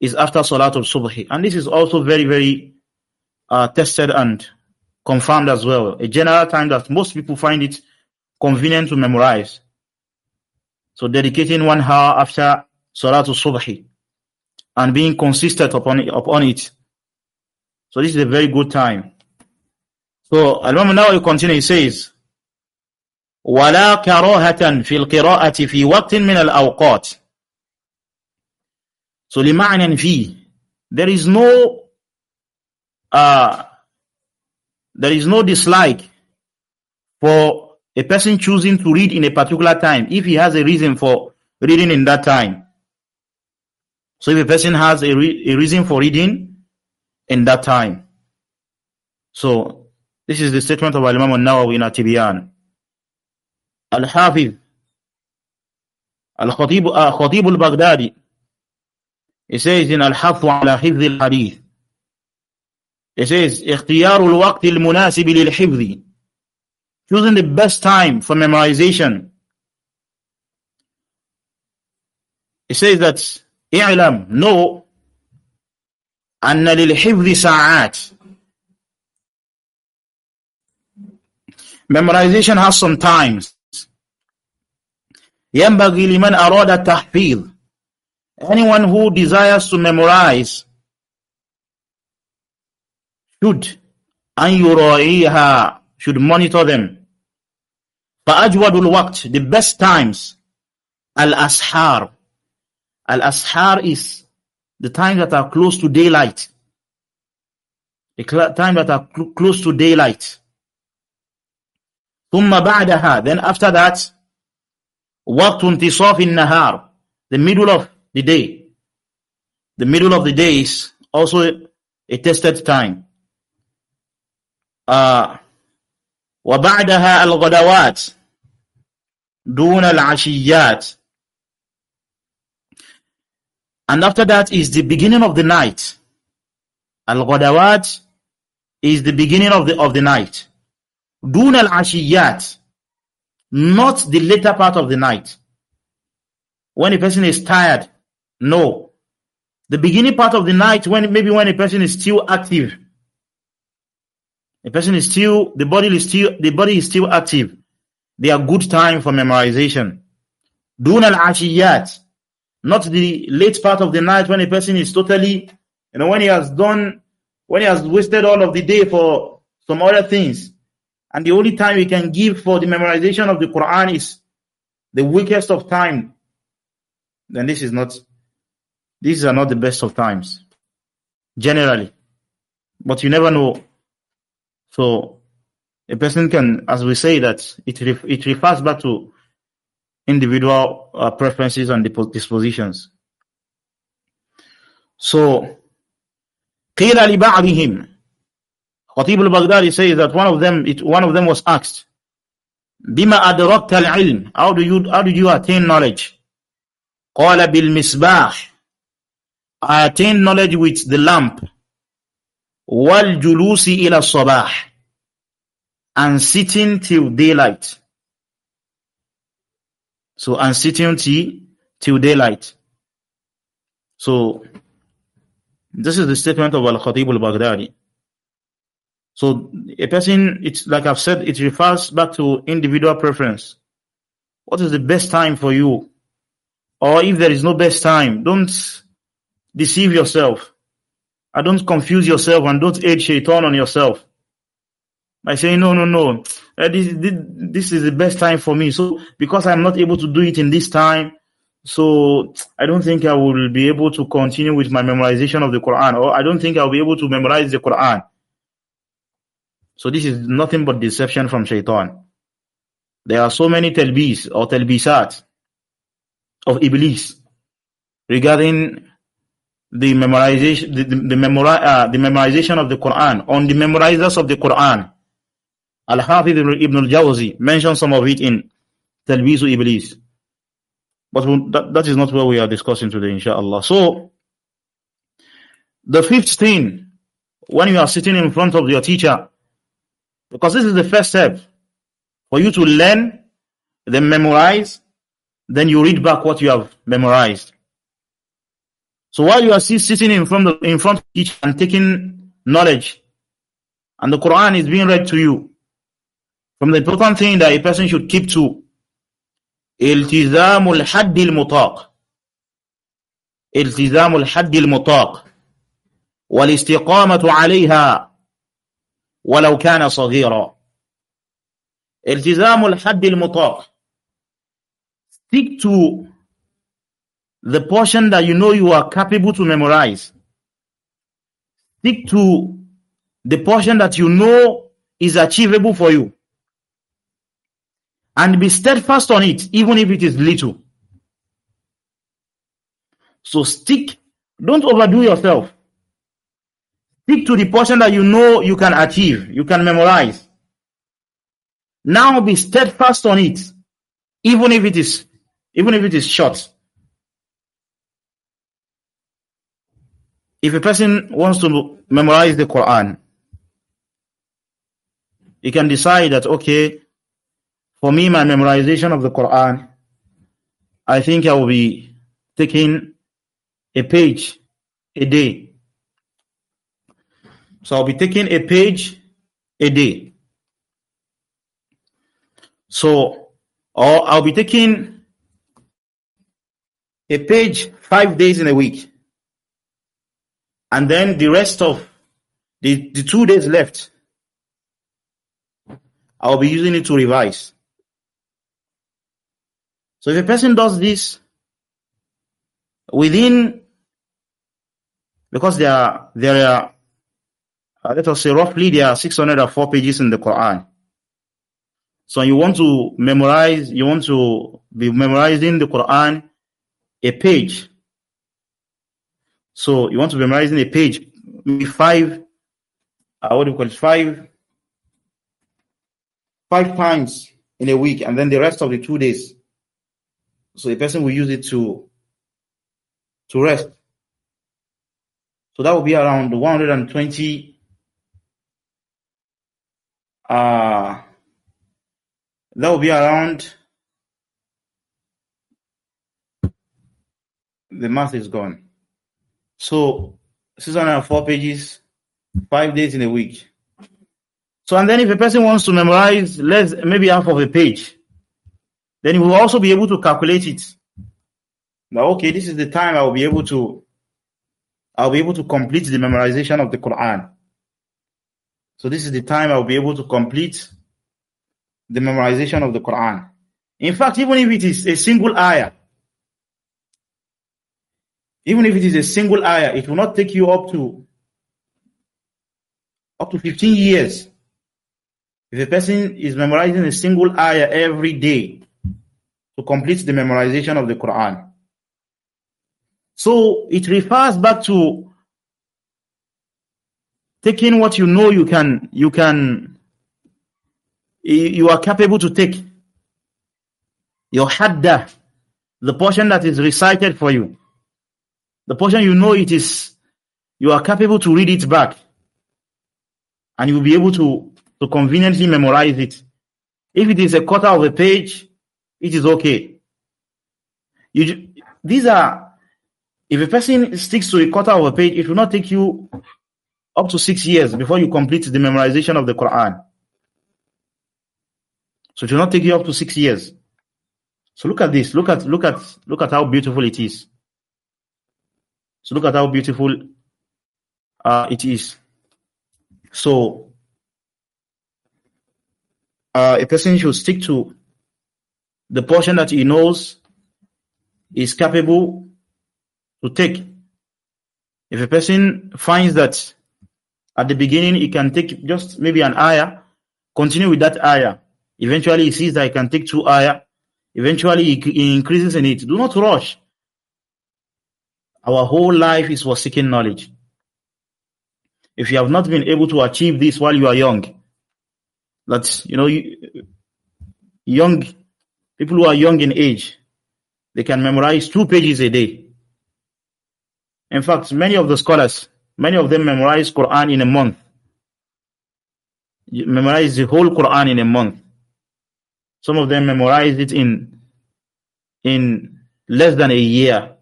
is after Salatul Subhi. And this is also very, very uh, tested and confirmed as well. A general time that most people find it convenient to memorize. So dedicating one hour after Salatul Subhi and being consistent upon, upon it. So this is a very good time. So Al-Imam Nawawi continues, he says, وَلَا كَرَاهَةً فِي الْقِرَاءَةِ فِي وَقْتٍ مِنَ الْأَوْقَاتِ So لِمَعْنًا فِي There is no uh, there is no dislike for a person choosing to read in a particular time if he has a reason for reading in that time. So if a person has a, re a reason for reading in that time. So this is the statement of Imam al-Nawawi in at Al-Hafiz, Al-Khatib uh, al-Baghdadi, he says in Al-Hath ala Hifz al-Hadith, he says, اختيار الوقت المناسب للحفظ Choosing the best time for memorization. He says that اعلم know أن للحفظ ساعات Memorization has some times. ينبغي لمن أراد التحفيظ Anyone who desires to memorize should أن should monitor them. فأجود الوقت the best times الأسحار الأسحار is the times that are close to daylight. The time that are cl close to daylight. ثم بعدها then after that وقت انتصاف nahar, the middle of the day the middle of the day is also a tested time uh, and after that is the beginning of the night al-ghadawat is the beginning of the of the night Dunal ashiyat, not the later part of the night. When a person is tired, no. The beginning part of the night, when maybe when a person is still active, a person is still the body is still the body is still active. They are good time for memorization. Dunal ashiyat, not the late part of the night when a person is totally, you know, when he has done, when he has wasted all of the day for some other things. And the only time we can give for the memorization of the Quran is the weakest of time. Then this is not, these are not the best of times, generally. But you never know. So a person can, as we say, that it ref, it refers back to individual uh, preferences and dispositions. So, قيل لبعضهم Qatib al-Baghdadi says that one of them it, one of them was asked, "Bima adrakta al-ilm?" How do you how do you attain knowledge? Qala bil misbah. I attain knowledge with the lamp. Wal julusi ila sabah. And sitting till daylight. So and sitting till, till daylight. So this is the statement of Al-Khatib al-Baghdadi. So a person, it's like I've said, it refers back to individual preference. What is the best time for you? Or if there is no best time, don't deceive yourself. And don't confuse yourself and don't aid shaitan on yourself by saying, no, no, no, eh, this, this, this is the best time for me. So because I'm not able to do it in this time, so I don't think I will be able to continue with my memorization of the Quran or I don't think I'll be able to memorize the Quran. So this is nothing but deception from shaitan. There are so many talbis or talbisat of Iblis regarding the memorization, the, the, the, memori uh, the memorization of the Quran, on the memorizers of the Quran. Al-Hafidh ibn al-Jawzi mentioned some of it in Talbisu Iblis. But that, that is not what we are discussing today, inshallah. So, the fifth thing, when you are sitting in front of your teacher, because this is the first step for you to learn, then memorize, then you read back what you have memorized. So while you are sitting in front of, in front of each and taking knowledge, and the Quran is being read to you, from the important thing that a person should keep to, التزام الحد المطاق التزام الحد المطاق والاستقامة عليها ولو كان صغيرا التزام الحد المطاق stick to the portion that you know you are capable to memorize stick to the portion that you know is achievable for you and be steadfast on it even if it is little so stick don't overdo yourself Stick to the portion that you know you can achieve, you can memorize. Now be steadfast on it, even if it is, even if it is short. If a person wants to memorize the Quran, he can decide that, okay, for me, my memorization of the Quran, I think I will be taking a page a day so I'll be taking a page a day. So or I'll be taking a page five days in a week. And then the rest of the, the two days left, I'll be using it to revise. So if a person does this within, because there are, there are uh, let us say roughly there are 604 pages in the Quran. So you want to memorize, you want to be memorizing the Quran a page. So you want to be memorizing a page, maybe five, uh, what do you call it, five, five times in a week, and then the rest of the two days. So the person will use it to, to rest. So that will be around 120 uh, they'll be around. The math is gone. So, four pages, five days in a week. So, and then if a person wants to memorize less, maybe half of a page, then he will also be able to calculate it. Now, okay, this is the time I will be able to, I'll be able to complete the memorization of the Quran. So this is the time I'll be able to complete the memorization of the Quran. In fact, even if it is a single ayah, even if it is a single ayah, it will not take you up to up to 15 years. If a person is memorizing a single ayah every day to complete the memorization of the Quran. So it refers back to Taking what you know you can, you can, you are capable to take. Your hadda, the portion that is recited for you, the portion you know it is, you are capable to read it back and you'll be able to, to conveniently memorize it. If it is a quarter of a page, it is okay. You, these are, if a person sticks to a quarter of a page, it will not take you up to six years before you complete the memorization of the Quran. So it will not take you up to six years. So look at this. Look at look at look at how beautiful it is. So look at how beautiful uh, it is. So uh, a person should stick to the portion that he knows is capable to take. If a person finds that at the beginning, he can take just maybe an ayah, continue with that ayah. Eventually, he sees that he can take two ayah. Eventually, he, he increases in it. Do not rush. Our whole life is for seeking knowledge. If you have not been able to achieve this while you are young, that you know, young people who are young in age, they can memorize two pages a day. In fact, many of the scholars, Many of them memorize Quran in a month. You memorize the whole Quran in a month. Some of them memorize it in in less than a year.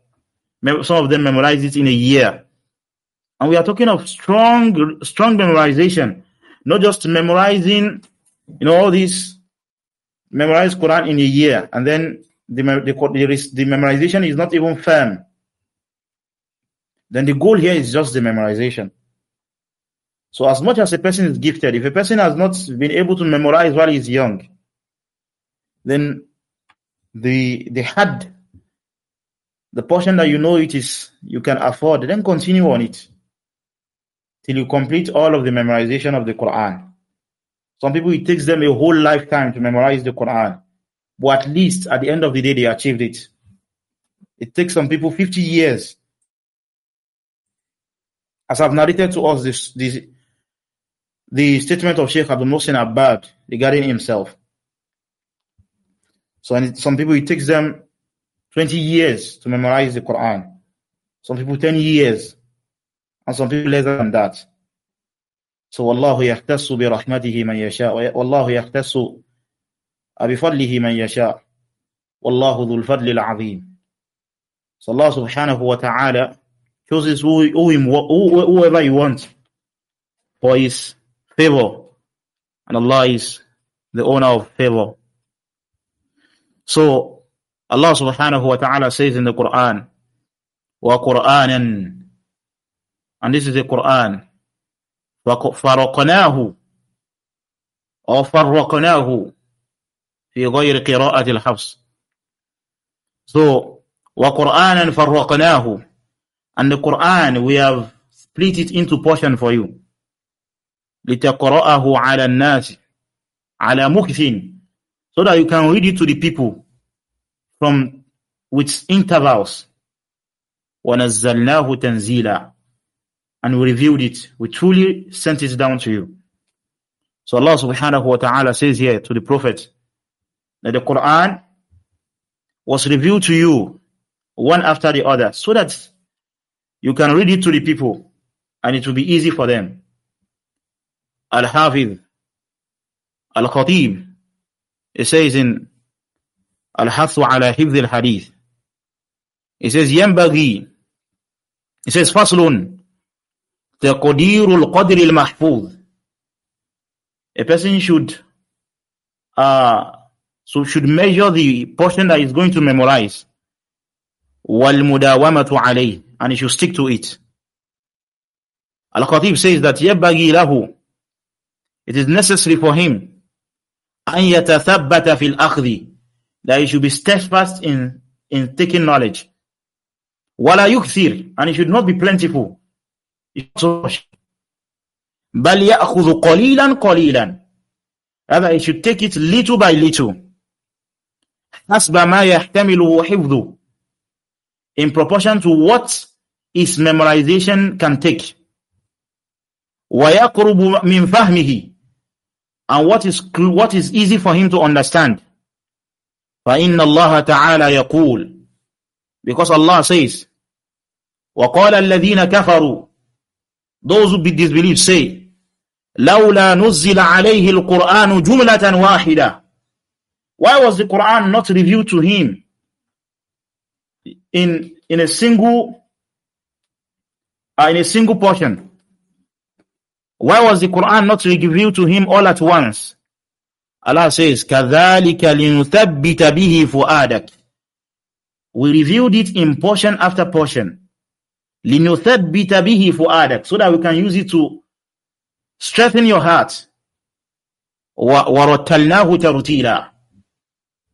Some of them memorize it in a year. And we are talking of strong strong memorization, not just memorizing you know all these memorize Quran in a year and then the the, the, the memorization is not even firm then the goal here is just the memorization. So as much as a person is gifted, if a person has not been able to memorize while he's young, then the the had the portion that you know it is you can afford, then continue on it till you complete all of the memorization of the Quran. Some people it takes them a whole lifetime to memorize the Quran, but at least at the end of the day they achieved it. It takes some people 50 years as I've narrated to us this, this the statement of Sheikh Abdul Mohsin Abad regarding himself. So some people it takes them 20 years to memorize the Quran. Some people 10 years. And some people less than that. So Allah يختص برحمته من يشاء والله يختص بفضله من Allah والله fadli al-Azim. So Allah subhanahu wa ta'ala chooses who, who him, who, whoever he wants for his favor. And Allah is the owner of favor. So Allah subhanahu wa ta'ala says in the Quran, "Wa وَقُرْآنًا And this is the Quran. فَرَقْنَاهُ Or فَرَّقْنَاهُ في غير قراءة الحفص. So وَقُرْآنًا فَرَّقْنَاهُ and the Quran, we have split it into portion for you. لِتَقْرَأَهُ عَلَى النَّاسِ عَلَى So that you can read it to the people from with intervals. وَنَزَّلْنَاهُ تَنْزِيلًا And we revealed it. We truly sent it down to you. So Allah subhanahu wa ta'ala says here to the Prophet that the Quran was revealed to you one after the other so that you can read it to the people and it will be easy for them. Al-Hafidh, Al-Khatib, it says in Al-Hathu ala Hifdh al-Hadith, it says Yambagi. it says فصل تقدير al Mahfuz. A person should uh, so should measure the portion that is going to memorize والمداومة عليه and he should stick to it. Al-Khatib says that يَبَّغِي لَهُ It is necessary for him أَن يَتَثَبَّتَ فِي الْأَخْذِ That he should be steadfast in, in taking knowledge. وَلَا يُكْثِرْ And he should not be plentiful. بَلْ يَأْخُذُ قَلِيلًا قَلِيلًا Rather, he should take it little by little. حَسْبَ مَا يَحْتَمِلُهُ حِفْظُ in proportion to what his memorization can take. وَيَقْرُبُ مِنْ فَهْمِهِ And what is, what is easy for him to understand. فَإِنَّ اللَّهَ تَعَالَى يَقُولُ Because Allah says, وَقَالَ الَّذِينَ كَفَرُوا Those who disbelieve say, لَوْلَا نُزِّلَ عَلَيْهِ الْقُرْآنُ جُمْلَةً وَاحِدًا Why was the Qur'an not revealed to him in in a single uh, in a single portion why was the quran not revealed to him all at once allah says kadhalika linuthabbita bihi fuadak we revealed it in portion after portion linuthabbita bihi fuadak so that we can use it to strengthen your heart wa warattalnahu tartila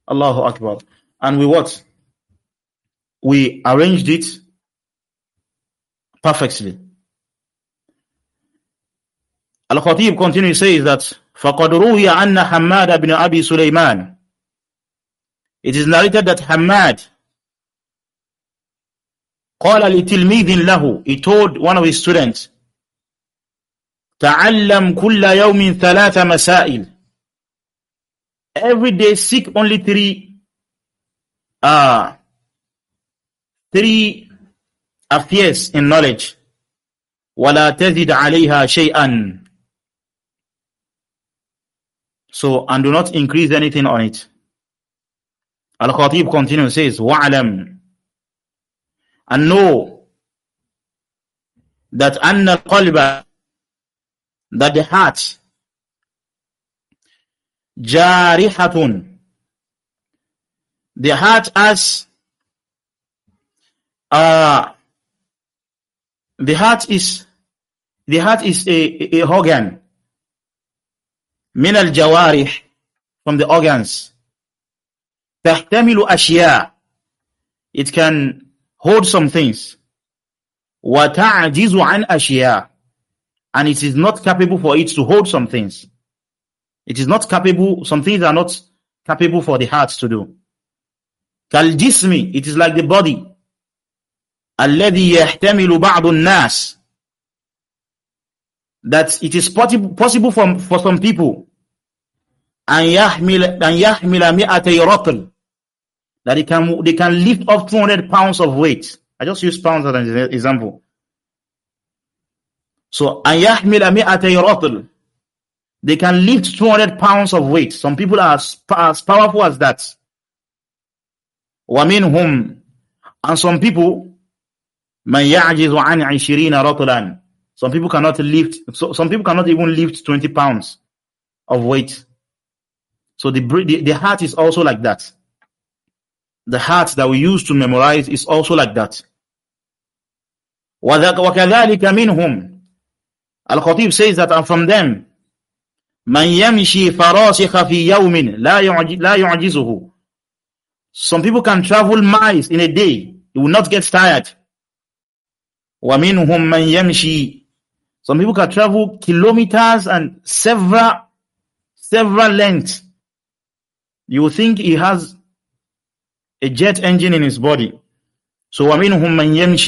allahu akbar and we what we arranged it perfectly. Al-Khatib continues says that فَقَدْ رُوِيَ عَنَّ حَمَّادَ بْنَ أَبِي سُلَيْمَانَ It is narrated that Hamad قَالَ لِتِلْمِيذٍ لَهُ He told one of his students تَعَلَّمْ كُلَّ يَوْمٍ ثَلَاثَ مَسَائِلٍ Every day seek only three uh, Three, affairs in knowledge. وَلَا تَزِدْ عَلَيْهَا شَيْئًا So, and do not increase anything on it. Al-Khatib continues, says, وَعْلَمْ And know that أَنَّ الْقَلْبَ That the heart جَارِحَةٌ The heart has uh, the heart is the heart is a, a, organ. من jawarih from the organs. Tahtamilu أشياء it can hold some things. وَتَعْجِزُ عَنْ أَشْيَاءٍ And it is not capable for it to hold some things. It is not capable, some things are not capable for the heart to do. كَالْجِسْمِ It is like the body. الذي يحتمل بعض الناس that it is possible for, for some people أن يحمل أن يحمل رطل that they can they can lift up 200 pounds of weight. I just use pounds as an example. So أن يحمل رطل they can lift 200 pounds of weight. Some people are as, as powerful as that. ومنهم and some people Man ya'jizu ratlan. Some people cannot lift so, some people cannot even lift 20 pounds of weight. So the, the the heart is also like that. The heart that we use to memorize is also like that. مِنْهُمْ Al-Khatib says that and from them Some people can travel miles in a day. they will not get tired. Some people can travel kilometers and several, several lengths. You think he has a jet engine in his body. So And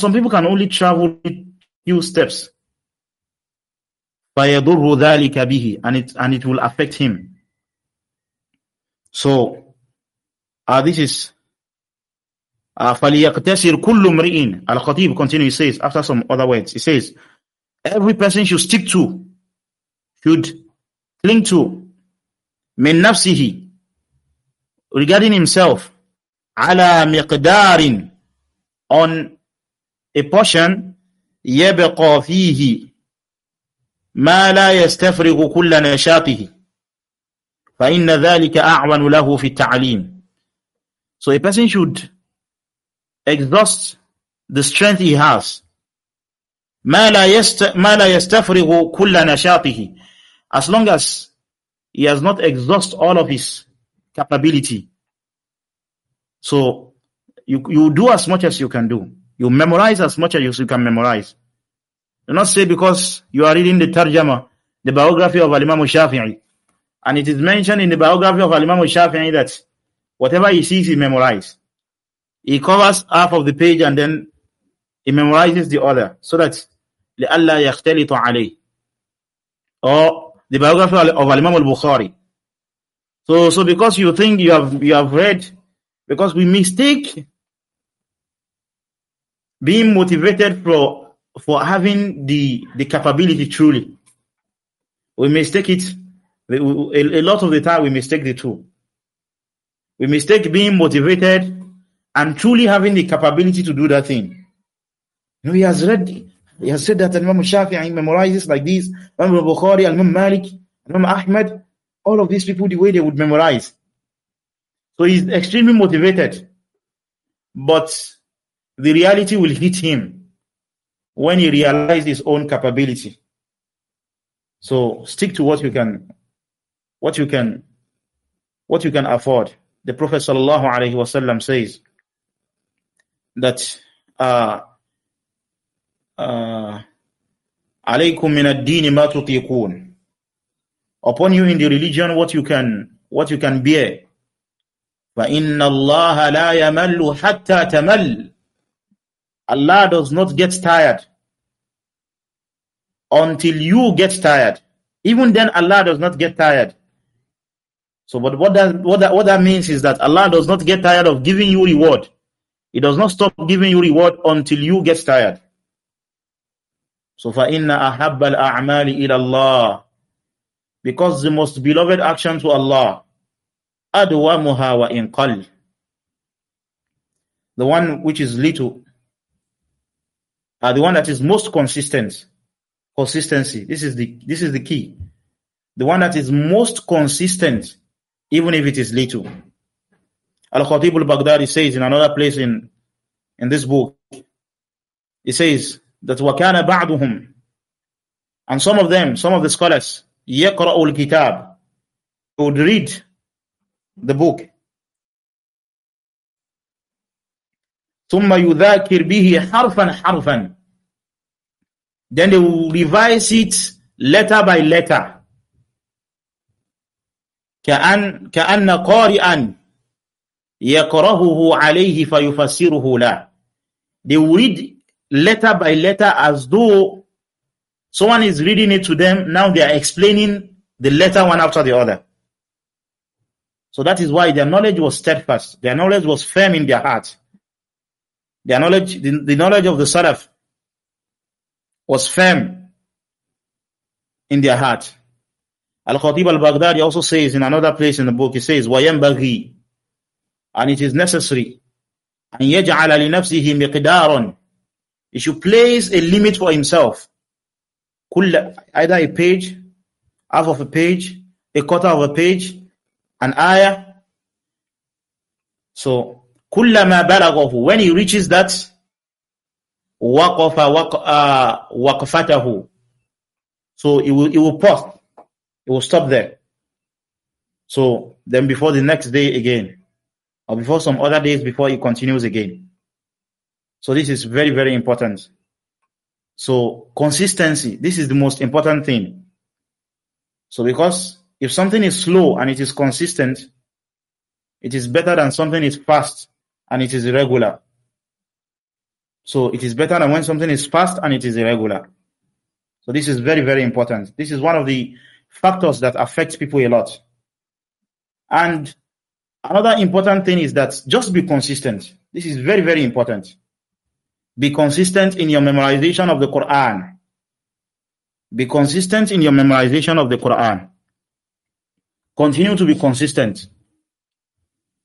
some people can only travel a few steps. فَيَضُرُّ ذَلِكَ بِهِ and it, and it will affect him. So, uh, this is uh, فَلْيَقْتَسِرْ امرئ مْرِئٍ Al-Khatib continues, he says, after some other words, he says, every person should stick to, should cling to, مِنْ نَفْسِهِ regarding himself, عَلَى مِقْدَارٍ on a portion يَبْقَى فِيهِ ما لا يستفرغ كل نشاطه فإن ذلك أعون له في التعليم So a person should exhausts the strength he has ما لا يستفرغ كل نشاطه as long as he has not exhausted all of his capability so you, you do as much as you can do you memorize as much as you can memorize do not say because you are reading the tarjama the biography of al shafi'i and it is mentioned in the biography of al shafi'i that whatever he sees he memorizes he covers half of the page and then he memorizes the other so that لِأَلَّا يَخْتَلِطُ عَلَيْهِ Or the biography of Imam al-Bukhari. So, so because you think you have, you have read, because we mistake being motivated for, for having the, the capability truly. We mistake it, a, a lot of the time we mistake the two. We mistake being motivated and truly having the capability to do that thing. You know, he has read, he has said that Imam Shafi'i memorizes like this, Imam Bukhari, Imam Malik, Imam Ahmad, all of these people, the way they would memorize. So he's extremely motivated. But the reality will hit him when he realizes his own capability. So stick to what you can, what you can, what you can afford. The Prophet sallallahu alaihi wasallam says, that uh, uh, alaykum min ad-din ma tutiqun upon you in the religion what you can what you can bear fa inna Allah la yamallu hatta tamal Allah does not get tired until you get tired even then Allah does not get tired so but what that what that, what that means is that Allah does not get tired of giving you reward he does not stop giving you reward until you get tired. So فَإِنَّ أَحَبَّ الْأَعْمَالِ إِلَى اللَّهِ Because the most beloved action to Allah أَدْوَمُهَا وَإِنْ قَلْ The one which is little uh, the one that is most consistent consistency this is the this is the key the one that is most consistent even if it is little Al-Khatib al-Baghdadi says in another place in, in this book, he says that kana badhum, And some of them, some of the scholars, al-kitab, would read the book. ثُمَّ يُذَاكِرْ بِهِ Then they will revise it letter by letter. كأن كأن qari'an alayhi fayufassiruhu la. They read letter by letter as though someone is reading it to them. Now they are explaining the letter one after the other. So that is why their knowledge was steadfast. Their knowledge was firm in their heart. Their knowledge, the, the knowledge of the Salaf was firm in their heart. Al-Khatib al-Baghdadi also says in another place in the book, he says, وَيَنْبَغِي and it is necessary. And يَجْعَلَ لِنَفْسِهِ مِقْدَارًا He should place a limit for himself. Either a page, half of a page, a quarter of a page, an ayah. So, كُلَّمَا بَلَغَهُ When he reaches that, وَقَفَ وَقَفَتَهُ So, it will, it will pause. It will stop there. So, then before the next day again or before some other days before it continues again. So this is very, very important. So consistency, this is the most important thing. So because if something is slow and it is consistent, it is better than something is fast and it is irregular. So it is better than when something is fast and it is irregular. So this is very, very important. This is one of the factors that affects people a lot. And Another important thing is that just be consistent. This is very, very important. Be consistent in your memorization of the Quran. Be consistent in your memorization of the Quran. Continue to be consistent.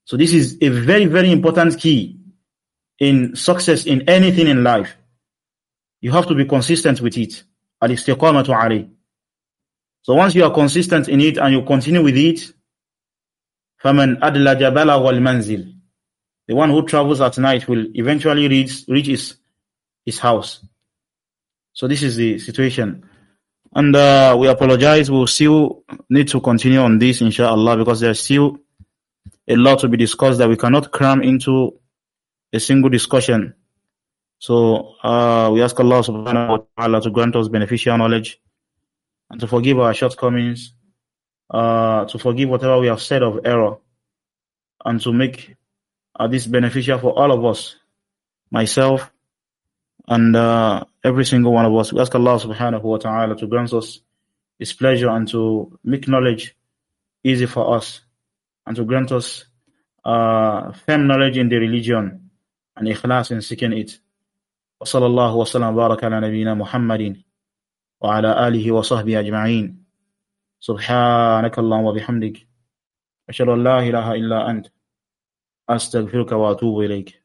So this is a very, very important key in success in anything in life. You have to be consistent with it. Al-istiqamatu alayh. So once you are consistent in it and you continue with it, فَمَنْ أَدْلَجَ بَلَغَ الْمَنْزِلِ The one who travels at night will eventually reach, reach his, his house. So this is the situation. And uh, we apologize. We'll still need to continue on this, inshallah, because there's still a lot to be discussed that we cannot cram into a single discussion. So uh, we ask Allah subhanahu wa ta'ala to grant us beneficial knowledge and to forgive our shortcomings. Uh, to forgive whatever we have said of error and to make uh, this beneficial for all of us, myself and uh, every single one of us. We ask Allah subhanahu wa ta'ala to grant us His pleasure and to make knowledge easy for us and to grant us uh, firm knowledge in the religion and ikhlas in seeking it. وصلى الله وسلم وبارك على نبينا محمد وعلى آله وصحبه أجمعين سبحانك اللهم وبحمدك أشهد أن لا إله إلا أنت أستغفرك وأتوب إليك